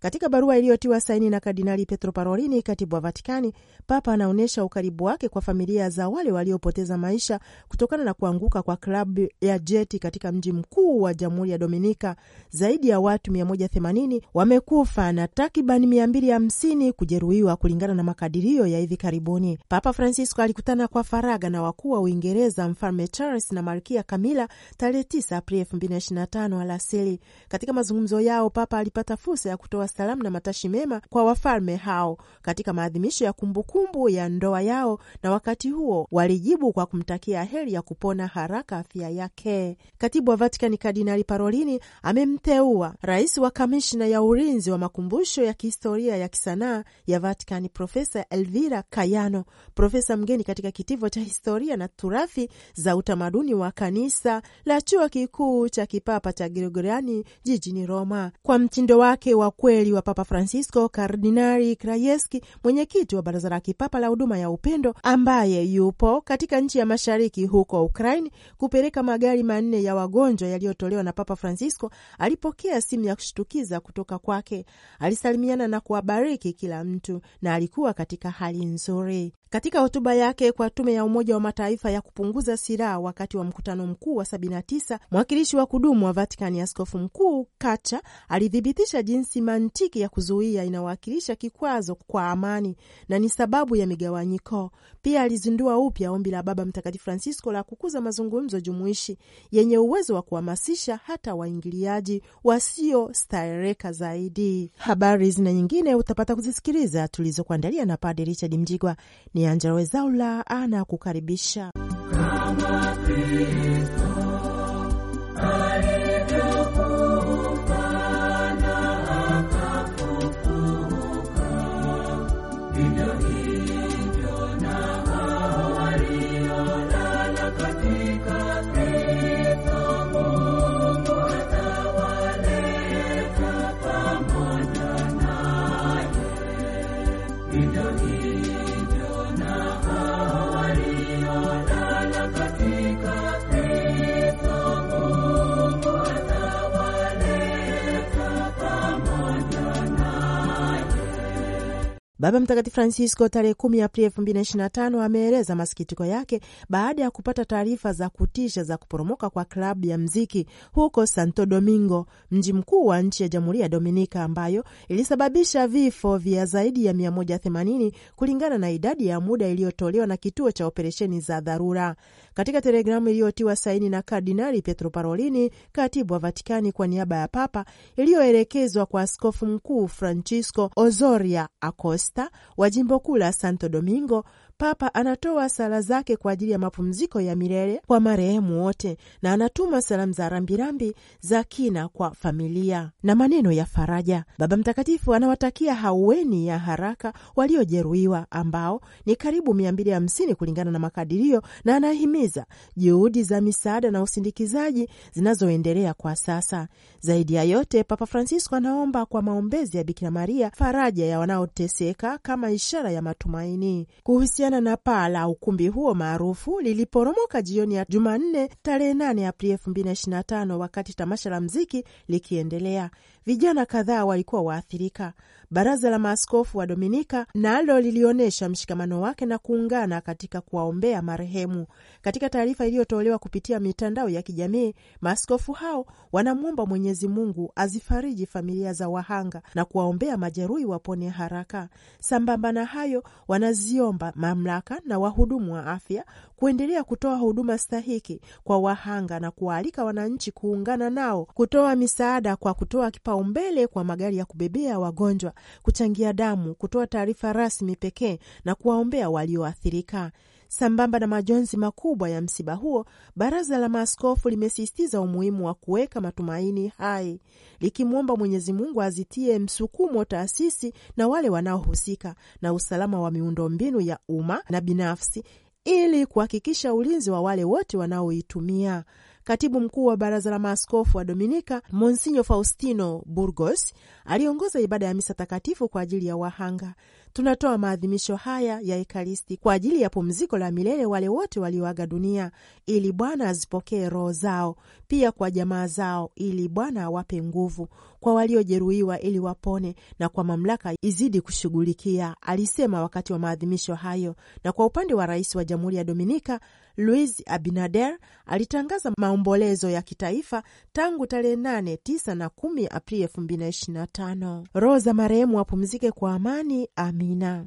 Katika barua iliyotiwa saini na Kardinali Petro Parolini, katibu wa Vatikani, Papa anaonyesha ukaribu wake kwa familia za wale waliopoteza maisha kutokana na kuanguka kwa klabu ya jeti katika mji mkuu wa Jamhuri ya Dominika. Zaidi ya watu 180 wamekufa na takriban 250 kujeruhiwa kulingana na makadirio ya hivi karibuni. Papa Francisco alikutana kwa faraga na wakuu wa Uingereza, Mfalme Charles na Malkia Kamila tarehe 9 Aprili 2025 alasiri. Katika mazungumzo yao, Papa alipata fursa ya kutoa salamu na matashi mema kwa wafalme hao katika maadhimisho ya kumbukumbu ya ndoa yao, na wakati huo walijibu kwa kumtakia heri ya kupona haraka afya yake. Katibu wa Vatikani Kardinali Parolini amemteua rais wa kamishina ya ulinzi wa makumbusho ya kihistoria ya kisanaa ya Vatikani Profesa Elvira Kayano, profesa mgeni katika kitivo cha historia na turathi za utamaduni wa kanisa la chuo kikuu cha kipapa cha Gregoriani jijini Roma, kwa mtindo wake wa kweli mkweli wa Papa Francisco, Kardinali Krajewski, mwenyekiti wa Baraza la Kipapa la Huduma ya Upendo, ambaye yupo katika nchi ya mashariki huko ukraini kupeleka magari manne ya wagonjwa yaliyotolewa na Papa Francisco, alipokea simu ya kushtukiza kutoka kwake. Alisalimiana na kuwabariki kila mtu na alikuwa katika hali nzuri. Katika hotuba yake kwa tume ya Umoja wa Mataifa ya kupunguza silaha wakati wa mkutano mkuu wa 79 mwakilishi wa kudumu wa Vatikani, askofu mkuu Kacha alithibitisha jinsi mantiki ya kuzuia inawakilisha kikwazo kwa amani na ni sababu ya migawanyiko. Pia alizindua upya ombi la Baba Mtakatifu Francisco la kukuza mazungumzo jumuishi yenye uwezo wa kuhamasisha hata waingiliaji wasiostaereka zaidi. Habari zina nyingine utapata kuzisikiliza tulizokuandalia na Padre Richard Mjigwa. Ni Angella Rwezaula anakukaribisha kama Kristo. Baba Mtakatifu Francisco tarehe 10 Aprili 2025 ameeleza masikitiko yake baada ya kupata taarifa za kutisha za kuporomoka kwa klabu ya mziki huko Santo Domingo, mji mkuu wa nchi ya Jamhuri ya Dominika, ambayo ilisababisha vifo vya zaidi ya 180 kulingana na idadi ya muda iliyotolewa na kituo cha operesheni za dharura. Katika telegramu iliyotiwa saini na Kardinali Pietro Parolini, katibu wa Vatikani, kwa niaba ya Papa, iliyoelekezwa kwa Askofu Mkuu Francisco Ozoria Acosta Costa wa jimbo kuu la Santo Domingo Papa anatoa sala zake kwa ajili ya mapumziko ya milele kwa marehemu wote na anatuma salamu za rambirambi za kina kwa familia na maneno ya faraja. Baba Mtakatifu anawatakia haueni ya haraka waliojeruhiwa ambao ni karibu 250 kulingana na makadirio, na anahimiza juhudi za misaada na usindikizaji zinazoendelea kwa sasa. Zaidi ya yote, Papa Francisco anaomba kwa maombezi ya Bikira Maria faraja ya wanaoteseka kama ishara ya matumaini kulingana na paa la ukumbi huo maarufu liliporomoka jioni ya Jumanne tarehe 8 Aprili 2025 wakati tamasha la mziki likiendelea. Vijana kadhaa walikuwa waathirika. Baraza la Maaskofu wa Dominika nalo lilionyesha mshikamano wake na kuungana katika kuwaombea marehemu. Katika taarifa iliyotolewa kupitia mitandao ya kijamii, maaskofu hao wanamwomba Mwenyezi Mungu azifariji familia za wahanga na kuwaombea majeruhi wapone haraka. Sambamba na hayo, wanaziomba mamlaka na wahudumu wa afya kuendelea kutoa huduma stahiki kwa wahanga na kuwaalika wananchi kuungana nao kutoa misaada kwa kutoa kipao kipaumbele kwa magari ya kubebea wagonjwa, kuchangia damu, kutoa taarifa rasmi pekee na kuwaombea walioathirika. Sambamba na majonzi makubwa ya msiba huo, baraza la maaskofu limesisitiza umuhimu wa kuweka matumaini hai, likimwomba Mwenyezi Mungu azitie msukumo taasisi na wale wanaohusika na usalama wa miundombinu ya umma na binafsi ili kuhakikisha ulinzi wa wale wote wanaoitumia katibu mkuu wa baraza la maaskofu wa Dominika Monsinyo Faustino Burgos aliongoza ibada ya misa takatifu kwa ajili ya wahanga tunatoa maadhimisho haya ya Ekaristi kwa ajili ya pumziko la milele wale wote walioaga dunia, ili Bwana azipokee roho zao, pia kwa jamaa zao, ili Bwana awape nguvu, kwa waliojeruhiwa, ili wapone, na kwa mamlaka izidi kushughulikia, alisema wakati wa maadhimisho hayo. Na kwa upande wa rais wa Jamhuri ya Dominika, Luis Abinader alitangaza maombolezo ya kitaifa tangu tarehe 8, tisa na kumi Aprili 2025. Roho za marehemu wapumzike kwa amani. Amen. Amina.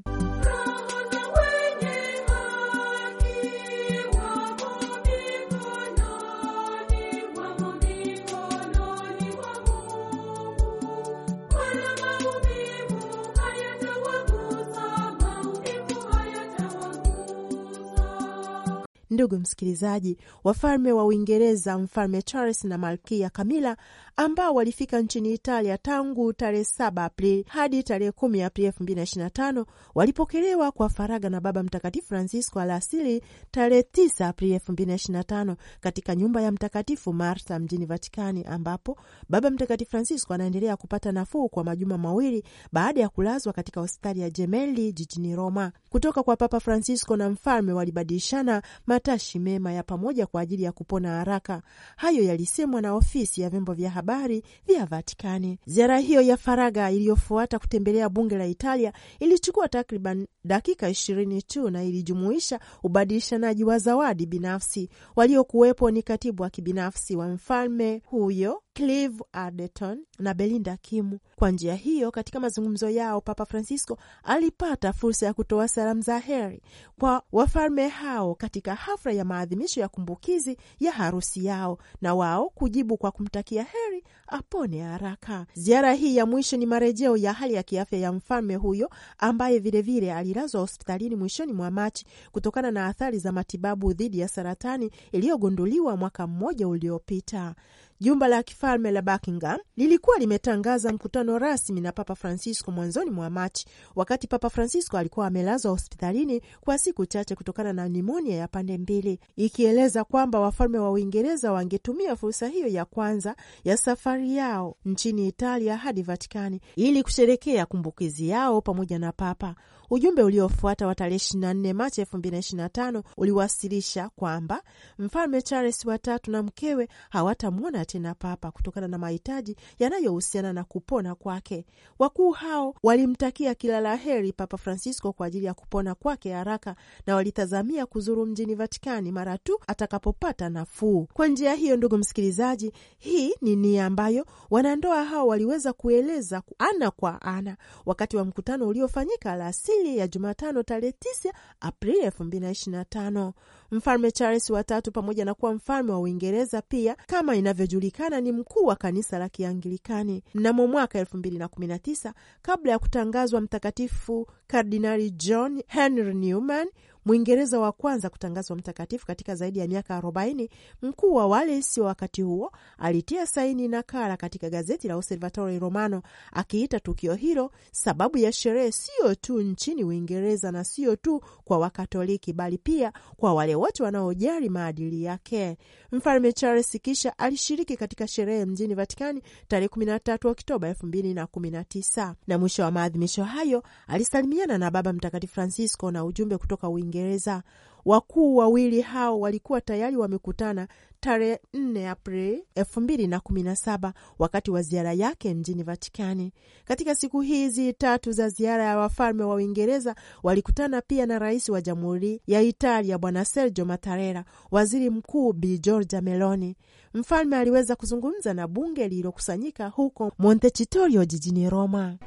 Ndugu msikilizaji, wafalme wa Uingereza, mfalme Charles na malkia Kamila ambao walifika nchini Italia tangu tarehe 7 Aprili hadi tarehe 10 Aprili 2025 walipokelewa kwa faraga na Baba Mtakatifu Francisco alasiri tarehe 9 Aprili 2025 katika nyumba ya Mtakatifu Martha mjini Vatikani, ambapo Baba Mtakatifu Francisco anaendelea kupata nafuu kwa majuma mawili baada ya kulazwa katika hospitali ya Jemeli jijini Roma. Kutoka kwa Papa Francisco na mfalme walibadilishana matashi mema ya pamoja kwa ajili ya kupona haraka. Hayo yalisemwa na ofisi ya vyombo vya habari vya Vatikani. Ziara hiyo ya faraga iliyofuata kutembelea bunge la Italia ilichukua takriban dakika ishirini tu na ilijumuisha ubadilishanaji wa zawadi binafsi. Waliokuwepo ni katibu wa kibinafsi wa mfalme huyo Clive Alderton na Belinda Kimu. Kwa njia hiyo, katika mazungumzo yao, Papa Francisco alipata fursa ya kutoa salamu za heri kwa wafalme hao katika hafla ya maadhimisho ya kumbukizi ya harusi yao, na wao kujibu kwa kumtakia heri apone haraka. Ziara hii ya mwisho ni marejeo ya hali ya kiafya ya mfalme huyo ambaye vilevile alilazwa hospitalini mwishoni mwa Machi kutokana na athari za matibabu dhidi ya saratani iliyogunduliwa mwaka mmoja uliopita. Jumba la kifalme la Buckingham lilikuwa limetangaza mkutano rasmi na Papa Francisco mwanzoni mwa Machi, wakati Papa Francisco alikuwa amelazwa hospitalini kwa siku chache kutokana na nimonia ya pande mbili, ikieleza kwamba wafalme wa Uingereza wangetumia fursa hiyo ya kwanza ya safari yao nchini Italia hadi Vatikani ili kusherekea kumbukizi yao pamoja na Papa. Ujumbe uliofuata wa tarehe 24 Machi 2025 uliwasilisha kwamba Mfalme Charles watatu na mkewe hawatamwona tena Papa kutokana na mahitaji yanayohusiana na kupona kwake. Wakuu hao walimtakia kila la heri Papa Francisco kwa ajili ya kupona kwake haraka na walitazamia kuzuru mjini Vatikani mara tu atakapopata nafuu. Kwa njia hiyo, ndugu msikilizaji, hii ni nia ambayo wanandoa hao waliweza kueleza ana kwa ana wakati wa mkutano uliofanyika alasiri pili ya Jumatano tarehe 9 Aprili 2025. Mfalme Charles watatu pamoja na kuwa mfalme wa Uingereza, pia kama inavyojulikana ni mkuu wa kanisa la Kianglikani. Mnamo mwaka elfu mbili na kumi na tisa kabla ya kutangazwa mtakatifu Kardinali John Henry Newman Mwingereza wa kwanza kutangazwa mtakatifu katika zaidi ya miaka arobaini, mkuu wa Walesi wa wakati huo alitia saini nakala katika gazeti la Osservatore Romano akiita tukio hilo sababu ya sherehe, siyo tu nchini Uingereza na siyo tu kwa Wakatoliki, bali pia kwa wale wote wanaojali maadili yake. Mfalme Charles kisha alishiriki katika sherehe mjini Vatikani tarehe 13 Oktoba 2019 na mwisho wa maadhimisho hayo alisalimiana na Baba Mtakatifu Francisco na ujumbe kutoka Uingereza. Wakuu wawili hao walikuwa tayari wamekutana tarehe 4 Aprili 2017 wakati wa ziara yake mjini Vatikani. Katika siku hizi tatu za ziara ya wafalme wa Uingereza walikutana pia na rais wa jamhuri ya Italia Bwana Sergio Mattarella, waziri mkuu Bi Giorgia Meloni. Mfalme aliweza kuzungumza na bunge lililokusanyika huko Montecitorio jijini Roma.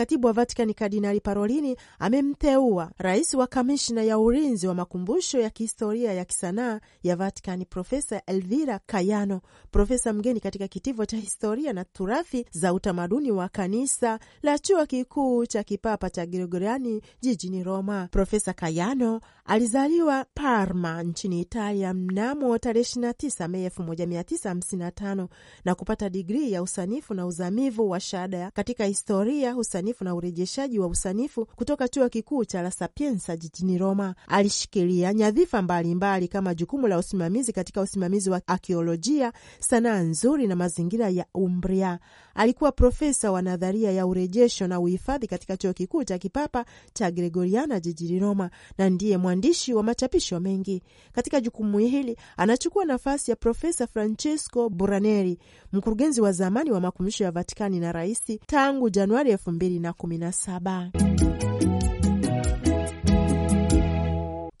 Katibu wa Vatikani Kardinali Parolini amemteua rais wa kamishina ya ulinzi wa makumbusho ya kihistoria ya kisanaa ya Vatikani Profesa Elvira Kayano, profesa mgeni katika kitivo cha historia na turathi za utamaduni wa kanisa la chuo kikuu cha kipapa cha Gregoriani jijini Roma. Profesa Kayano alizaliwa Parma nchini Italia mnamo tarehe 29 Mei 1955 na kupata digrii ya usanifu na uzamivu wa shahada katika historia usanifu usanifu na urejeshaji wa usanifu kutoka chuo kikuu cha La Sapienza jijini Roma. Alishikilia nyadhifa mbalimbali mbali kama jukumu la usimamizi katika usimamizi wa akiolojia, sanaa nzuri na mazingira ya Umbria. Alikuwa profesa wa nadharia ya urejesho na uhifadhi katika chuo kikuu cha kipapa cha Gregoriana jijini Roma na ndiye mwandishi wa machapisho mengi. Katika jukumu hili anachukua nafasi ya Profesa Francesco Buraneri, mkurugenzi wa zamani wa makumbusho ya Vatikani na raisi tangu Januari elfu mbili na 17.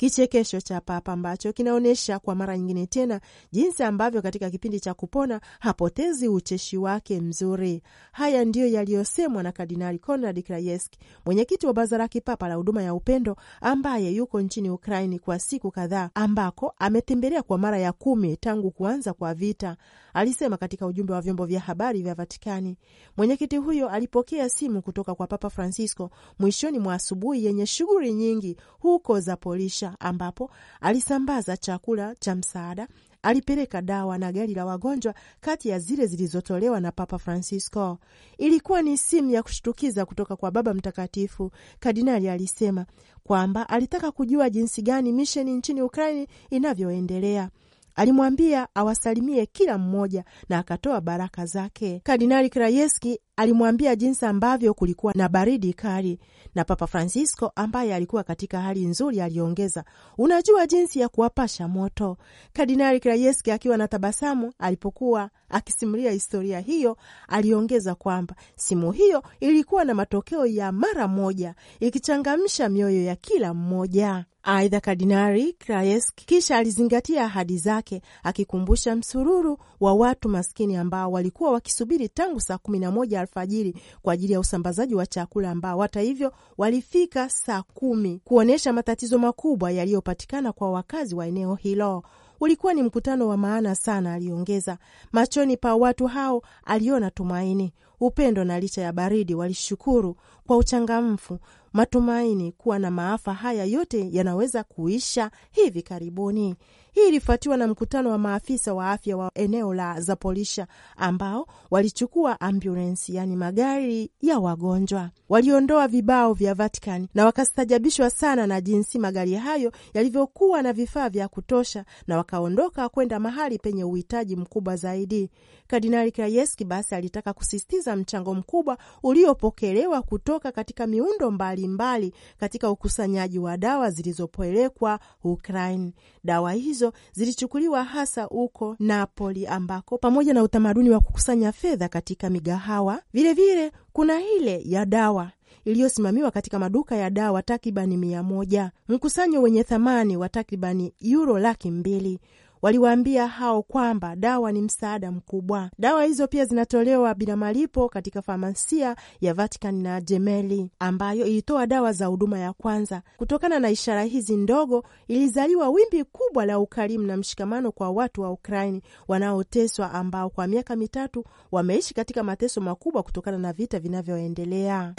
Kichekesho cha Papa ambacho kinaonyesha kwa mara nyingine tena jinsi ambavyo katika kipindi cha kupona hapotezi ucheshi wake mzuri. Haya ndiyo yaliyosemwa na Kardinali Konrad Krajewski, mwenyekiti wa Baraza la Kipapa la Huduma ya Upendo, ambaye yuko nchini Ukraini kwa siku kadhaa, ambako ametembelea kwa mara ya kumi tangu kuanza kwa vita. Alisema katika ujumbe wa vyombo vya habari vya Vatikani. Mwenyekiti huyo alipokea simu kutoka kwa Papa Francisco mwishoni mwa asubuhi yenye shughuli nyingi huko Zapolisha ambapo alisambaza chakula cha msaada, alipeleka dawa na gari la wagonjwa kati ya zile zilizotolewa na Papa Francisco. Ilikuwa ni simu ya kushtukiza kutoka kwa Baba Mtakatifu. Kardinali alisema kwamba alitaka kujua jinsi gani misheni nchini Ukraini inavyoendelea. Alimwambia awasalimie kila mmoja na akatoa baraka zake. Kardinali krayeski alimwambia jinsi ambavyo kulikuwa na baridi kali, na Papa Francisco ambaye alikuwa katika hali nzuri aliongeza, unajua jinsi ya kuwapasha moto. Kardinali krayeski akiwa na tabasamu alipokuwa akisimulia historia hiyo, aliongeza kwamba simu hiyo ilikuwa na matokeo ya mara moja, ikichangamsha mioyo ya kila mmoja. Aidha, Kardinari Krayeski kisha alizingatia ahadi zake, akikumbusha msururu wa watu maskini ambao walikuwa wakisubiri tangu saa kumi na moja alfajiri kwa ajili ya usambazaji wa chakula, ambao hata hivyo walifika saa kumi, kuonyesha matatizo makubwa yaliyopatikana kwa wakazi wa eneo hilo. Ulikuwa ni mkutano wa maana sana, aliongeza. Machoni pa watu hao aliona tumaini, upendo, na licha ya baridi walishukuru kwa uchangamfu matumaini kuwa na maafa haya yote yanaweza kuisha hivi karibuni. Hii ilifuatiwa na mkutano wa maafisa wa afya wa eneo la Zapolisha ambao walichukua ambulensi, yaani magari ya wagonjwa. Waliondoa vibao vya Vatikani na wakastajabishwa sana na jinsi magari hayo yalivyokuwa na vifaa vya kutosha, na wakaondoka kwenda mahali penye uhitaji mkubwa zaidi. Kardinali Krayeski basi alitaka kusisitiza mchango mkubwa uliopokelewa kutoka katika miundo mbali mbalimbali katika ukusanyaji wa dawa zilizopelekwa Ukraine. Dawa hizo zilichukuliwa hasa huko Napoli, ambako pamoja na utamaduni wa kukusanya fedha katika migahawa, vilevile kuna ile ya dawa iliyosimamiwa katika maduka ya dawa takribani mia moja, mkusanyo wenye thamani wa takribani yuro laki mbili waliwaambia hao kwamba dawa ni msaada mkubwa. Dawa hizo pia zinatolewa bila malipo katika famasia ya Vatican na Jemeli ambayo ilitoa dawa za huduma ya kwanza. Kutokana na ishara hizi ndogo, ilizaliwa wimbi kubwa la ukarimu na mshikamano kwa watu wa Ukraini wanaoteswa, ambao kwa miaka mitatu wameishi katika mateso makubwa kutokana na vita vinavyoendelea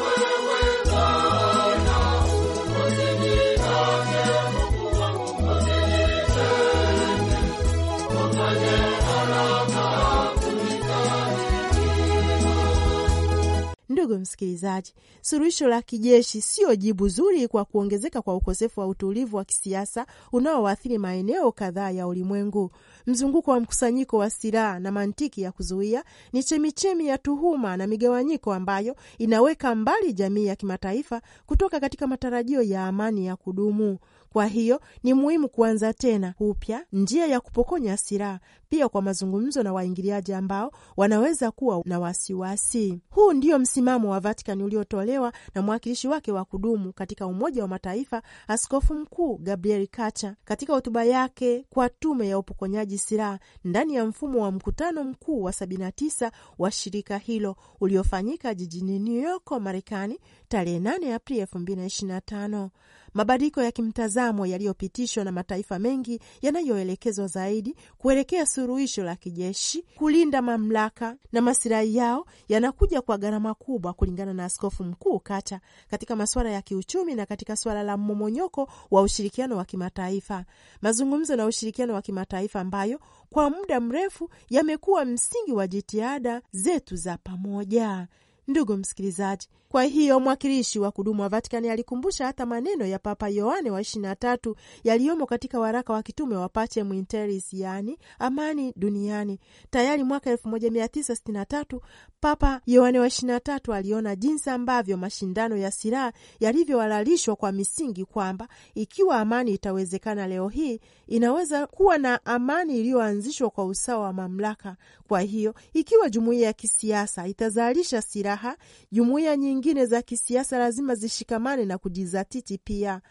Ndugu msikilizaji, suluhisho la kijeshi sio jibu zuri kwa kuongezeka kwa ukosefu wa utulivu wa kisiasa unaoathiri maeneo kadhaa ya ulimwengu. Mzunguko wa mkusanyiko wa silaha na mantiki ya kuzuia ni chemichemi ya tuhuma na migawanyiko ambayo inaweka mbali jamii ya kimataifa kutoka katika matarajio ya amani ya kudumu. Kwa hiyo ni muhimu kuanza tena upya njia ya kupokonya silaha, pia kwa mazungumzo na waingiliaji ambao wanaweza kuwa na wasiwasi. Huu ndio msimamo msimamo wa Vatican uliotolewa na mwakilishi wake wa kudumu katika Umoja wa Mataifa, Askofu Mkuu Gabriel Kacha katika hotuba yake kwa tume ya upokonyaji silaha ndani ya mfumo wa mkutano mkuu wa 79 wa shirika hilo uliofanyika jijini New York, Marekani tarehe 8 Aprili tano. Mabadiliko ya kimtazamo yaliyopitishwa na mataifa mengi yanayoelekezwa zaidi kuelekea suluhisho la kijeshi, kulinda mamlaka na masilahi yao, yanakuja kwa gharama kubwa, kulingana na Askofu Mkuu Kata, katika masuala ya kiuchumi na katika suala la mmomonyoko wa ushirikiano wa kimataifa. Mazungumzo na ushirikiano wa kimataifa ambayo kwa muda mrefu yamekuwa msingi wa jitihada zetu za pamoja. Ndugu msikilizaji, kwa hiyo mwakilishi wa kudumu wa Vatikani alikumbusha hata maneno ya Papa Yohane wa 23 yaliyomo katika waraka wa kitume wa Pacem in Terris, yaani amani duniani. Tayari mwaka 1963 Papa Yohane wa 23 aliona jinsi ambavyo mashindano ya silaha yalivyohalalishwa kwa misingi kwamba ikiwa amani itawezekana leo hii, inaweza kuwa na amani iliyoanzishwa kwa usawa wa mamlaka. Kwa hiyo ikiwa jumuiya ya kisiasa itazalisha silaha silaha, jumuiya nyingine za kisiasa lazima zishikamane na kujizatiti pia.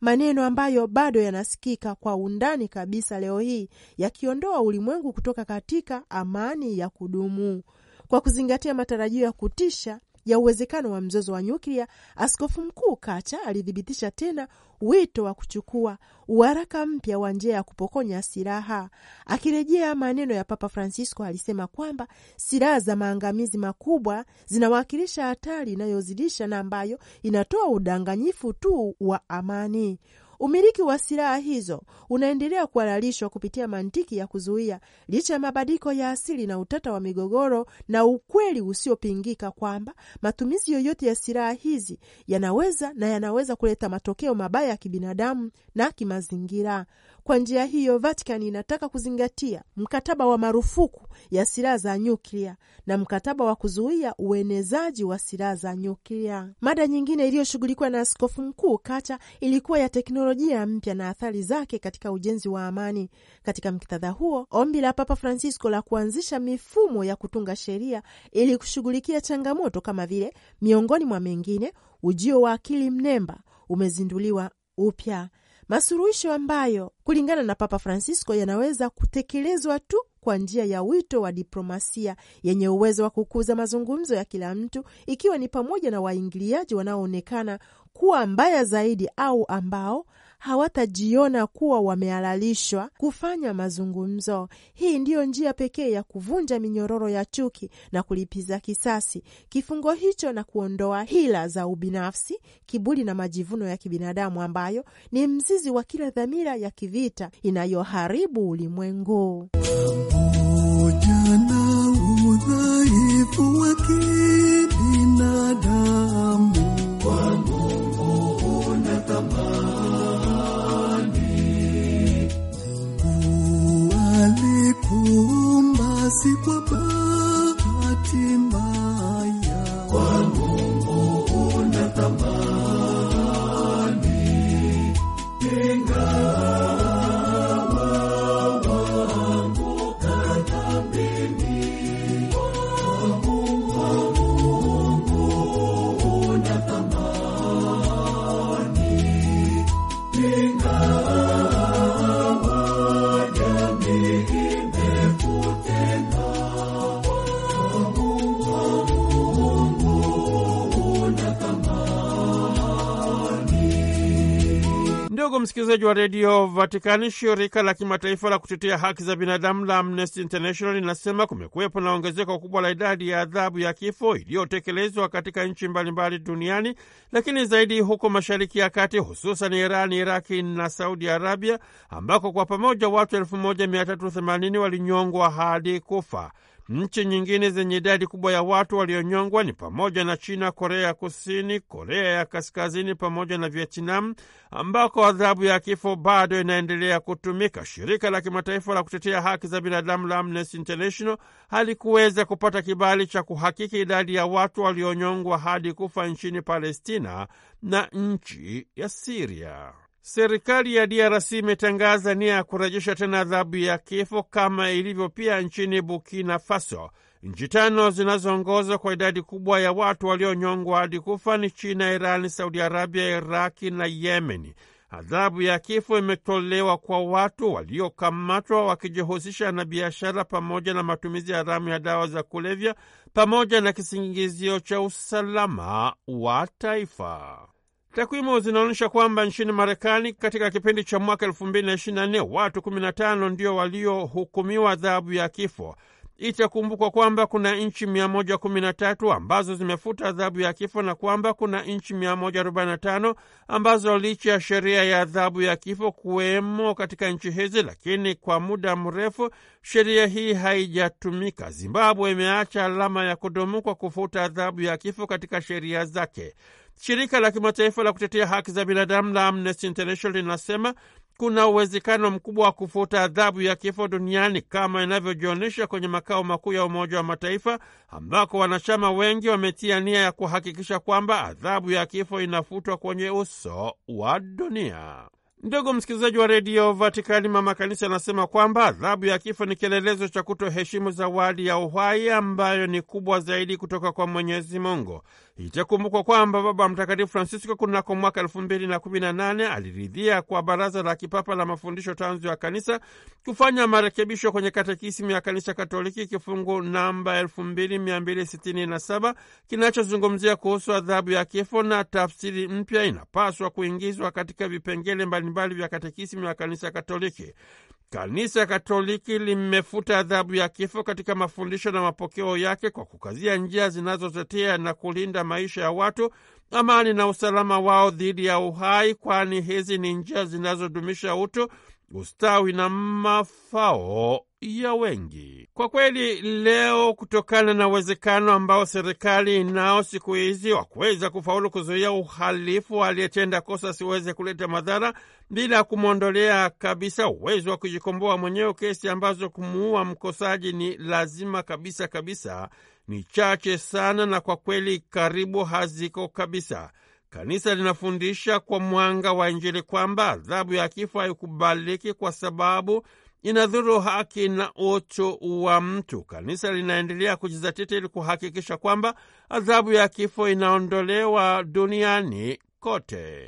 Maneno ambayo bado yanasikika kwa undani kabisa leo hii yakiondoa ulimwengu kutoka katika amani ya kudumu. Kwa kuzingatia matarajio ya kutisha ya uwezekano wa mzozo wa nyuklia, Askofu Mkuu Kacha alithibitisha tena wito wa kuchukua uharaka mpya wa njia ya kupokonya silaha. Akirejea maneno ya Papa Francisco, alisema kwamba silaha za maangamizi makubwa zinawakilisha hatari inayozidisha na ambayo inatoa udanganyifu tu wa amani. Umiliki wa silaha hizo unaendelea kuhalalishwa kupitia mantiki ya kuzuia, licha ya mabadiliko ya asili na utata wa migogoro na ukweli usiopingika kwamba matumizi yoyote ya silaha hizi yanaweza na yanaweza kuleta matokeo mabaya ya kibinadamu na kimazingira. Kwa njia hiyo, Vatican inataka kuzingatia mkataba wa marufuku ya silaha za nyuklia na mkataba wa kuzuia uenezaji wa silaha za nyuklia. Mada nyingine iliyoshughulikiwa na askofu mkuu Kacha ilikuwa ya teknolojia mpya na athari zake katika ujenzi wa amani. Katika muktadha huo, ombi la Papa Francisco la kuanzisha mifumo ya kutunga sheria ili kushughulikia changamoto kama vile, miongoni mwa mengine, ujio wa akili mnemba umezinduliwa upya masuluhisho ambayo kulingana na Papa Francisco yanaweza kutekelezwa tu kwa njia ya wito wa diplomasia yenye uwezo wa kukuza mazungumzo ya kila mtu, ikiwa ni pamoja na waingiliaji wanaoonekana kuwa mbaya zaidi au ambao hawatajiona kuwa wamehalalishwa kufanya mazungumzo. Hii ndiyo njia pekee ya kuvunja minyororo ya chuki na kulipiza kisasi, kifungo hicho na kuondoa hila za ubinafsi, kiburi na majivuno ya kibinadamu ambayo ni mzizi wa kila dhamira ya kivita inayoharibu ulimwengu pamoja na udhaifu wa kibinadamu. msikilizaji wa redio Vatikani, shirika la kimataifa la kutetea haki za binadamu la Amnesty International linasema kumekuwepo na ongezeko kubwa la idadi ya adhabu ya kifo iliyotekelezwa katika nchi mbalimbali duniani, lakini zaidi huko Mashariki ya Kati, hususan Irani, Iraki na Saudi Arabia, ambako kwa pamoja watu 1380 walinyongwa hadi kufa. Nchi nyingine zenye idadi kubwa ya watu walionyongwa ni pamoja na China, Korea ya Kusini, Korea ya Kaskazini pamoja na Vietnam, ambako adhabu ya kifo bado inaendelea kutumika. Shirika la kimataifa la kutetea haki za binadamu la Amnesty International halikuweza kupata kibali cha kuhakiki idadi ya watu walionyongwa hadi kufa nchini Palestina na nchi ya Siria. Serikali ya DRC imetangaza nia ya kurejesha tena adhabu ya kifo kama ilivyo pia nchini Burkina Faso. Nchi tano zinazoongozwa kwa idadi kubwa ya watu walionyongwa hadi kufa ni China, Irani, Saudi Arabia, Iraki na Yemeni. Adhabu ya kifo imetolewa kwa watu waliokamatwa wakijihusisha na biashara pamoja na matumizi haramu ya dawa za kulevya pamoja na kisingizio cha usalama wa taifa. Takwimu zinaonyesha kwamba nchini Marekani katika kipindi cha mwaka elfu mbili na na nne watu kumi na tano ndio waliohukumiwa adhabu ya kifo. Itakumbukwa kwamba kuna nchi 113 ambazo zimefuta adhabu ya kifo na kwamba kuna nchi 145 ambazo licha ya sheria ya adhabu ya kifo kuwemo katika nchi hizi, lakini kwa muda mrefu sheria hii haijatumika. Zimbabwe imeacha alama ya kudumu kwa kufuta adhabu ya kifo katika sheria zake. Shirika la kimataifa la kutetea haki za binadamu la Amnesty International linasema kuna uwezekano mkubwa wa kufuta adhabu ya kifo duniani kama inavyojionyesha kwenye makao makuu ya Umoja wa Mataifa ambako wanachama wengi wametia nia ya kuhakikisha kwamba adhabu ya kifo inafutwa kwenye uso wa dunia. Ndugu msikilizaji wa redio Vatikani, mama kanisa anasema kwamba adhabu ya kifo ni kielelezo cha kuto heshimu zawadi ya uhai ambayo ni kubwa zaidi kutoka kwa Mwenyezi Mungu. Itakumbukwa kwamba Baba Mtakatifu Francisco kunako mwaka elfu mbili na kumi na nane aliridhia kwa Baraza la Kipapa la Mafundisho Tanzu ya Kanisa kufanya marekebisho kwenye Katekisimu ya Kanisa Katoliki, kifungu namba elfu mbili mia mbili sitini na saba kinachozungumzia kuhusu adhabu ya kifo, na tafsiri mpya inapaswa kuingizwa katika vipengele mbalimbali vya Katekisimu ya Kanisa Katoliki. Kanisa Katoliki limefuta adhabu ya kifo katika mafundisho na mapokeo yake kwa kukazia njia zinazotetea na kulinda maisha ya watu, amani na usalama wao dhidi ya uhai, kwani hizi ni njia zinazodumisha utu, ustawi na mafao ya wengi. Kwa kweli, leo kutokana na uwezekano ambao serikali inao siku hizi wa kuweza kufaulu kuzuia uhalifu, aliyetenda kosa asiweze kuleta madhara bila ya kumwondolea kabisa uwezo wa kujikomboa mwenyewe, kesi ambazo kumuua mkosaji ni lazima kabisa kabisa ni chache sana, na kwa kweli karibu haziko kabisa. Kanisa linafundisha kwa mwanga wa Injili kwamba adhabu ya kifo haikubaliki kwa sababu inadhuru haki na utu wa mtu. Kanisa linaendelea kujizatiti ili kuhakikisha kwamba adhabu ya kifo inaondolewa duniani kote.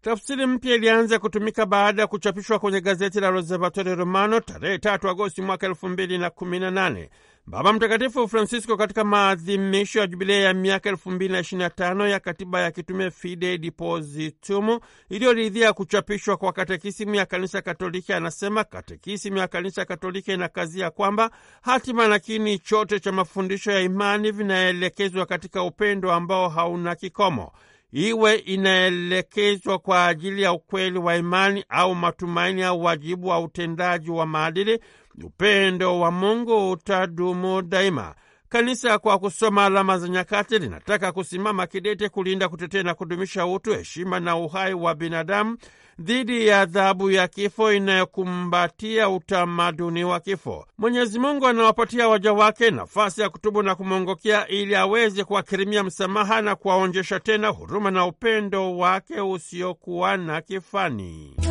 Tafsiri mpya ilianza kutumika baada ya kuchapishwa kwenye gazeti la L'Osservatore Romano tarehe 3 Agosti mwaka 2018. Baba Mtakatifu Francisco katika maadhimisho ya jubilei ya miaka elfu mbili na ishirini na tano ya katiba ya kitume Fidei dipositumu iliyoridhia kuchapishwa kwa katekisimu ya kanisa Katoliki anasema katekisimu ya kanisa Katoliki ina ya kwamba hatima na kini chote cha mafundisho ya imani vinaelekezwa katika upendo ambao hauna kikomo iwe inaelekezwa kwa ajili ya ukweli wa imani au matumaini au wajibu wa utendaji wa maadili upendo wa Mungu utadumu daima. Kanisa kwa kusoma alama za nyakati linataka kusimama kidete kulinda, kutetea na kudumisha utu, heshima na uhai wa binadamu dhidi ya adhabu ya kifo inayokumbatia utamaduni wa kifo. Mwenyezi Mungu anawapatia waja wake nafasi ya kutubu na kumwongokea ili aweze kuwakirimia msamaha na kuwaonjesha tena huruma na upendo wake usiokuwa na kifani.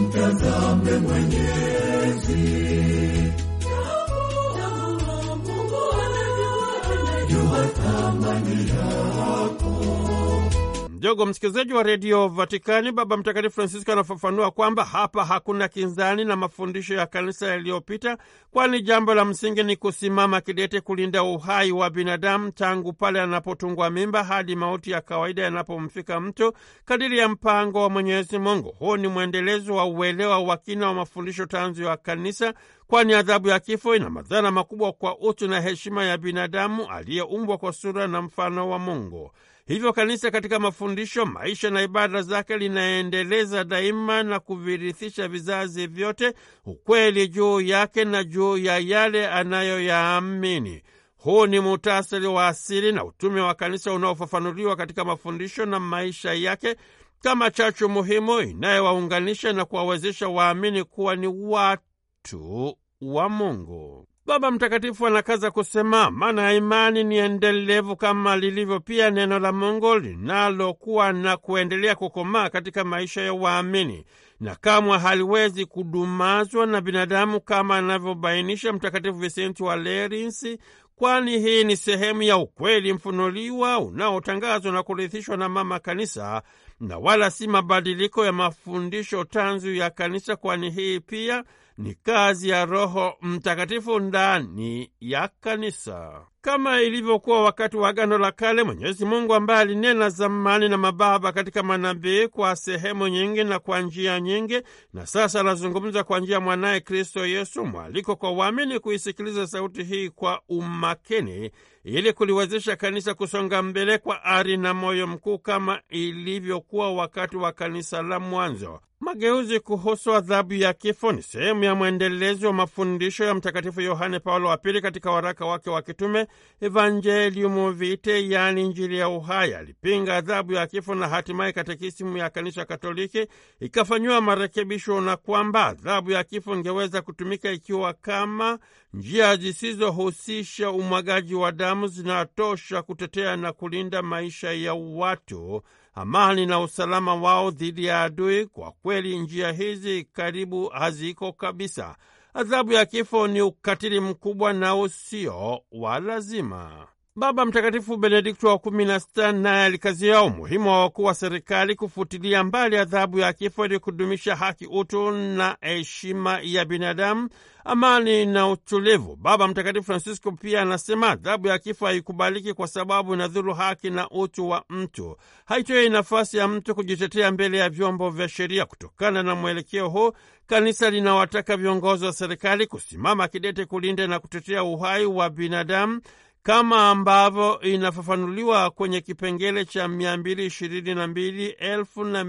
mtazame Mwenyezi. Jua thamani yako Ndugu msikilizaji wa redio Vatikani, Baba Mtakatifu Francisco anafafanua kwamba hapa hakuna kinzani na mafundisho ya kanisa yaliyopita, kwani jambo la msingi ni kusimama kidete kulinda uhai wa binadamu tangu pale anapotungwa mimba hadi mauti ya kawaida yanapomfika mtu kadiri ya mpango wa Mwenyezi Mungu. Huu ni mwendelezo wa uelewa wa kina wa mafundisho tanzu ya kanisa, kwani adhabu ya kifo ina madhara makubwa kwa utu na heshima ya binadamu aliyeumbwa kwa sura na mfano wa Mungu. Hivyo kanisa katika mafundisho, maisha na ibada zake linaendeleza daima na kuvirithisha vizazi vyote ukweli juu yake na juu ya yale anayoyaamini. Huu ni muhtasari wa asili na utume wa kanisa unaofafanuliwa katika mafundisho na maisha yake kama chachu muhimu inayowaunganisha na kuwawezesha waamini kuwa ni watu wa Mungu. Baba Mtakatifu anakaza kusema maana ya imani ni endelevu kama lilivyo pia neno la Mungu linalokuwa na kuendelea kukomaa katika maisha ya waamini na kamwe haliwezi kudumazwa na binadamu kama anavyobainisha Mtakatifu Visenti wa Lerinsi, kwani hii ni sehemu ya ukweli mfunuliwa unaotangazwa na kurithishwa na Mama Kanisa na wala si mabadiliko ya mafundisho tanzu ya Kanisa, kwani hii pia ni kazi ya Roho Mtakatifu ndani ya kanisa kama ilivyokuwa wakati wa Agano la Kale, Mwenyezi Mungu ambaye alinena zamani na mababa katika manabii kwa sehemu nyingi na kwa njia nyingi, na sasa anazungumza kwa njia mwanaye Kristo Yesu. Mwaliko kwa waamini kuisikiliza sauti hii kwa umakini, ili kuliwezesha kanisa kusonga mbele kwa ari na moyo mkuu, kama ilivyokuwa wakati wa kanisa la mwanzo. Mageuzi kuhusu adhabu ya kifo ni sehemu ya mwendelezo wa mafundisho ya Mtakatifu Yohane Paulo wa Pili katika waraka wake wa kitume Evangelium Vitae, yaani Injili ya uhai, alipinga adhabu ya kifo na hatimaye katekisimu ya Kanisa Katoliki ikafanyiwa marekebisho na kwamba adhabu ya kifo ingeweza kutumika ikiwa kama njia zisizohusisha umwagaji wa damu zinatosha kutetea na kulinda maisha ya watu, amani na usalama wao dhidi ya adui. Kwa kweli njia hizi karibu haziko kabisa. Adhabu ya kifo ni ukatili mkubwa na usio wa lazima. Baba Mtakatifu Benedikto wa kumi na sita naye alikazia umuhimu wa wakuu wa serikali kufutilia mbali adhabu ya kifo ili kudumisha haki, utu na heshima ya binadamu, amani na utulivu. Baba Mtakatifu Francisco pia anasema adhabu ya kifo haikubaliki kwa sababu inadhuru haki na utu wa mtu, haitoi nafasi ya mtu kujitetea mbele ya vyombo vya sheria. Kutokana na mwelekeo huu, kanisa linawataka viongozi wa serikali kusimama kidete kulinda na kutetea uhai wa binadamu kama ambavyo inafafanuliwa kwenye kipengele cha 222 elfu na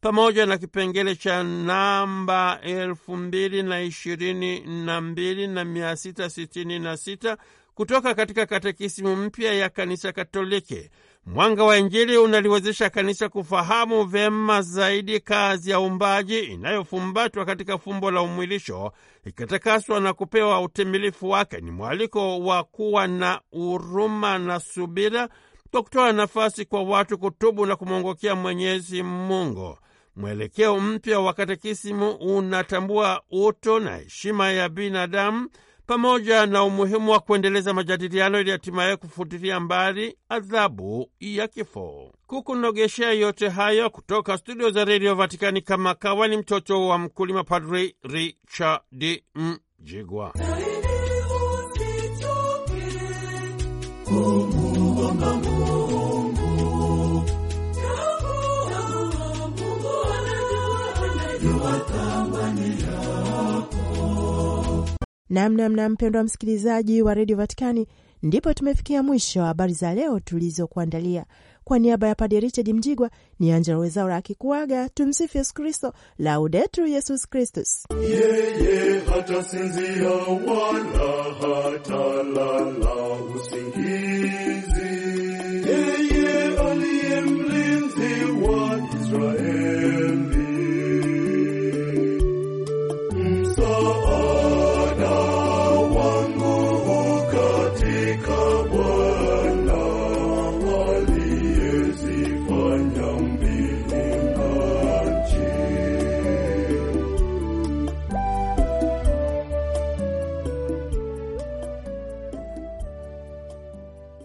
pamoja na kipengele cha namba 2022 na 666 kutoka katika katekisimu mpya ya Kanisa Katoliki. Mwanga wa Injili unaliwezesha kanisa kufahamu vyema zaidi kazi ya uumbaji inayofumbatwa katika fumbo la umwilisho, ikitakaswa na kupewa utimilifu wake. Ni mwaliko wa kuwa na huruma na subira kwa kutoa nafasi kwa watu kutubu na kumwongokea Mwenyezi Mungu. Mwelekeo mpya wa katekisimu unatambua utu na heshima ya binadamu pamoja na umuhimu wa kuendeleza majadiliano ili hatimaye kufutilia mbali adhabu ya kifo. Kukunogeshea yote hayo kutoka studio za redio Vatikani, kama kawa ni mtoto wa mkulima, Padri Richard Mjigwa. Namnamna mpendwa msikilizaji wa redio Vatikani, ndipo tumefikia mwisho wa habari za leo tulizokuandalia. Kwa, kwa niaba ya Padre Richard Mjigwa ni Angela Wezaura akikuaga. Tumsifu Yesu Kristo, Laudetur Yesus Kristus. Yeye hatasinzia wala hatalala usiku